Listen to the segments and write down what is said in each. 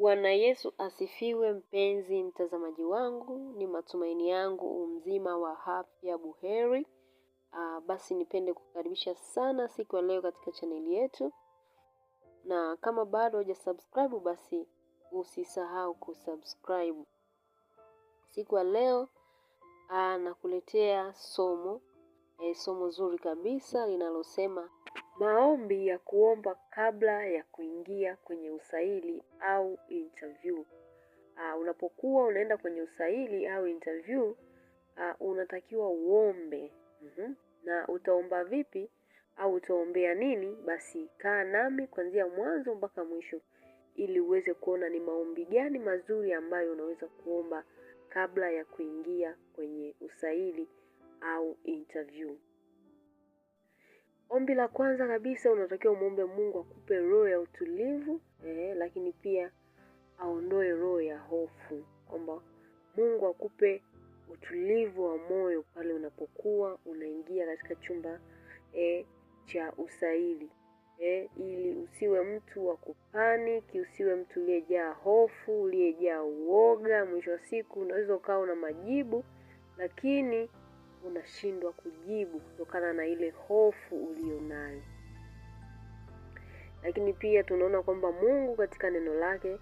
Bwana Yesu asifiwe mpenzi mtazamaji wangu, ni matumaini yangu mzima wa afya buheri. Aa, ah, basi nipende kukaribisha sana siku ya leo katika chaneli yetu, na kama bado hujasubscribe basi usisahau kusubscribe. Siku ya leo aa, ah, nakuletea somo e, somo zuri kabisa linalosema Maombi ya kuomba kabla ya kuingia kwenye usaili au interview. Uh, unapokuwa unaenda kwenye usaili au interview uh, unatakiwa uombe. Mm-hmm. Na utaomba vipi au utaombea nini? Basi kaa nami kuanzia mwanzo mpaka mwisho ili uweze kuona ni maombi gani mazuri ambayo unaweza kuomba kabla ya kuingia kwenye usaili au interview. Ombi la kwanza kabisa unatakiwa muombe Mungu akupe roho ya utulivu eh, lakini pia aondoe roho ya hofu, kwamba Mungu akupe utulivu wa moyo pale unapokuwa unaingia katika chumba eh, cha usaili eh, ili usiwe mtu wa kupaniki, usiwe mtu uliyejaa hofu, uliyejaa uoga. Mwisho wa siku unaweza ukawa una majibu lakini unashindwa kujibu kutokana na ile hofu ulionayo. Lakini pia tunaona kwamba Mungu katika neno lake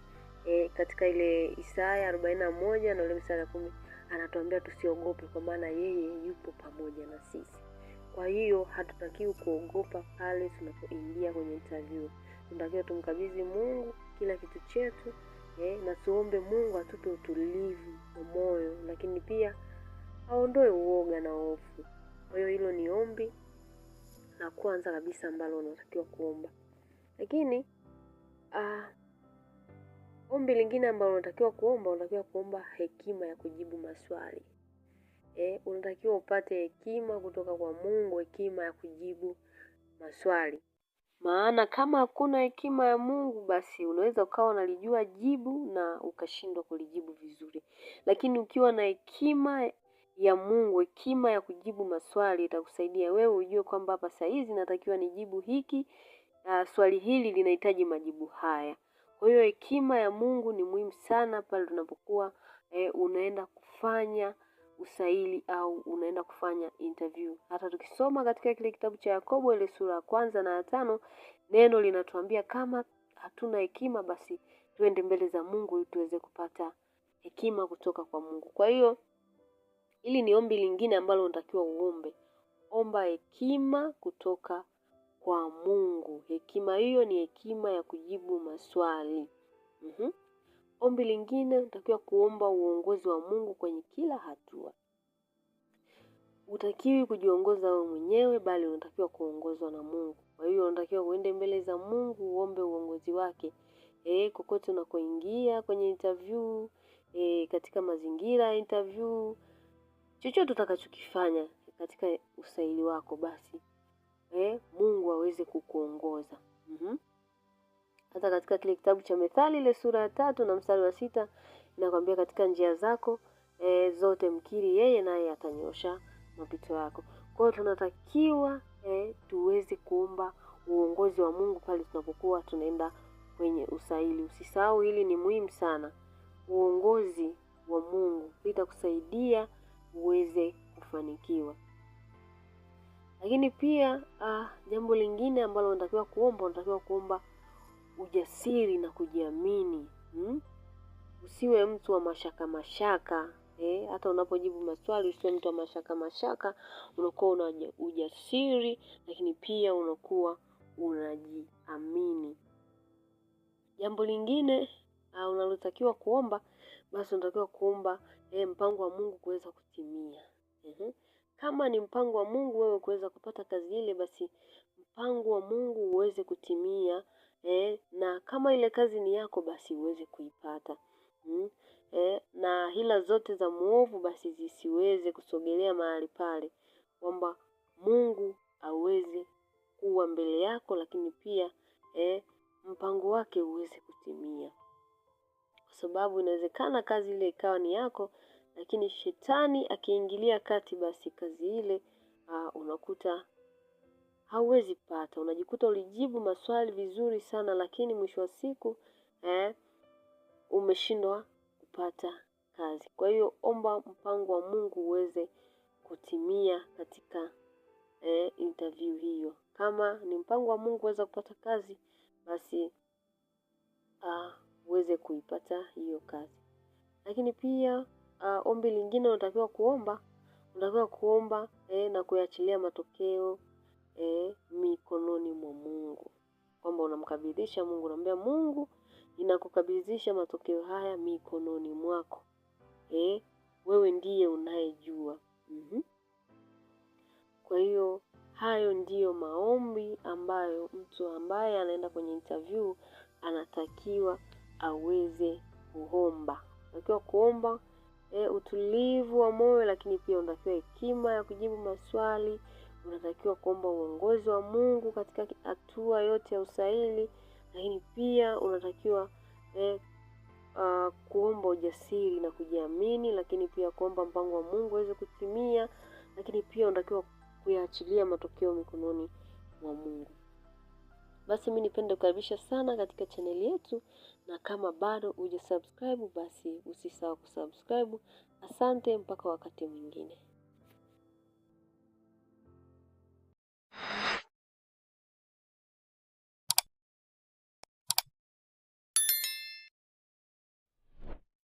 e, katika ile Isaya 41 na ule mstari kumi anatuambia tusiogope, kwa maana yeye yupo pamoja na sisi. Kwa hiyo hatutakiwi kuogopa pale tunapoingia kwenye interview. Tunatakiwa tumkabidhi Mungu kila kitu chetu eh, na tuombe Mungu atupe utulivu wa moyo, lakini pia aondoe uoga na hofu. Kwa hiyo hilo ni ombi na kwanza kabisa ambalo unatakiwa kuomba. Lakini uh, ombi lingine ambalo unatakiwa kuomba, unatakiwa kuomba hekima ya kujibu maswali. Eh, unatakiwa upate hekima kutoka kwa Mungu, hekima ya kujibu maswali. Maana kama hakuna hekima ya Mungu, basi unaweza ukawa unalijua jibu na ukashindwa kulijibu vizuri, lakini ukiwa na hekima ya Mungu, hekima ya kujibu maswali itakusaidia wewe ujue kwamba hapa saa hizi natakiwa nijibu hiki na swali hili linahitaji majibu haya. Kwa hiyo hekima ya Mungu ni muhimu sana pale tunapokuwa e, unaenda kufanya usaili au unaenda kufanya interview. Hata tukisoma katika kile kitabu cha Yakobo ile sura ya kwanza na ya tano, neno linatuambia kama hatuna hekima, basi tuende mbele za Mungu ili tuweze kupata hekima kutoka kwa Mungu. Kwa hiyo Hili ni ombi lingine ambalo unatakiwa uombe. Omba hekima kutoka kwa Mungu. Hekima hiyo ni hekima ya kujibu maswali. Mm-hmm. Ombi lingine unatakiwa kuomba uongozi wa Mungu kwenye kila hatua. utakiwi kujiongoza wewe mwenyewe, bali unatakiwa kuongozwa na Mungu. Kwa hiyo unatakiwa uende mbele za Mungu, uombe uongozi wake e, kokote unakoingia kwenye interview e, katika mazingira ya interview chochote utakachokifanya katika usaili wako basi eh, Mungu aweze kukuongoza mm-hmm. Hata katika kile kitabu cha Methali ile sura ya tatu na mstari wa sita inakwambia katika njia zako e, zote mkiri yeye, naye atanyosha mapito yako. Kwa hiyo tunatakiwa e, tuweze kuomba uongozi wa Mungu pale tunapokuwa tunaenda kwenye usaili. Usisahau hili ni muhimu sana, uongozi wa Mungu kusaidia uweze kufanikiwa. Lakini pia ah, jambo lingine ambalo unatakiwa kuomba, unatakiwa kuomba ujasiri na kujiamini hmm? Usiwe mtu wa mashaka mashaka eh, hata unapojibu maswali usiwe mtu wa mashaka mashaka, unakuwa una ujasiri, lakini pia unakuwa unajiamini. Jambo lingine uh, unalotakiwa kuomba, basi unatakiwa kuomba e, mpango wa Mungu kuweza kutimia. Uhum. Kama ni mpango wa Mungu wewe kuweza kupata kazi ile, basi mpango wa Mungu uweze kutimia e, na kama ile kazi ni yako, basi uweze kuipata mm. E, na hila zote za mwovu basi zisiweze kusogelea mahali pale, kwamba Mungu aweze kuwa mbele yako, lakini pia e, mpango wake uweze kutimia sababu inawezekana kazi ile ikawa ni yako, lakini shetani akiingilia kati, basi kazi ile uh, unakuta hauwezi pata. Unajikuta ulijibu maswali vizuri sana, lakini mwisho wa siku eh, umeshindwa kupata kazi. Kwa hiyo omba mpango wa Mungu uweze kutimia katika eh, interview hiyo. Kama ni mpango wa Mungu uweza kupata kazi, basi uh, uweze kuipata hiyo kazi. Lakini pia uh, ombi lingine unatakiwa kuomba, unatakiwa kuomba eh, na kuachilia matokeo eh, mikononi mwa Mungu, kwamba unamkabidhisha Mungu, unamwambia Mungu, ninakukabidhisha matokeo haya mikononi mwako eh, wewe ndiye unayejua. mm-hmm. Kwa hiyo hayo ndiyo maombi ambayo mtu ambaye anaenda kwenye interview anatakiwa aweze kuomba. Unatakiwa kuomba e, utulivu wa moyo, lakini pia unatakiwa hekima ya kujibu maswali. Unatakiwa kuomba uongozi wa Mungu katika hatua yote ya usaili, lakini pia unatakiwa e, uh, kuomba ujasiri na kujiamini, lakini pia kuomba mpango wa Mungu aweze kutimia, lakini pia unatakiwa kuyaachilia matokeo mikononi mwa Mungu. Basi mimi nipende kukaribisha sana katika chaneli yetu na kama bado hujasubscribe, basi usisahau kusubscribe. Asante mpaka wakati mwingine.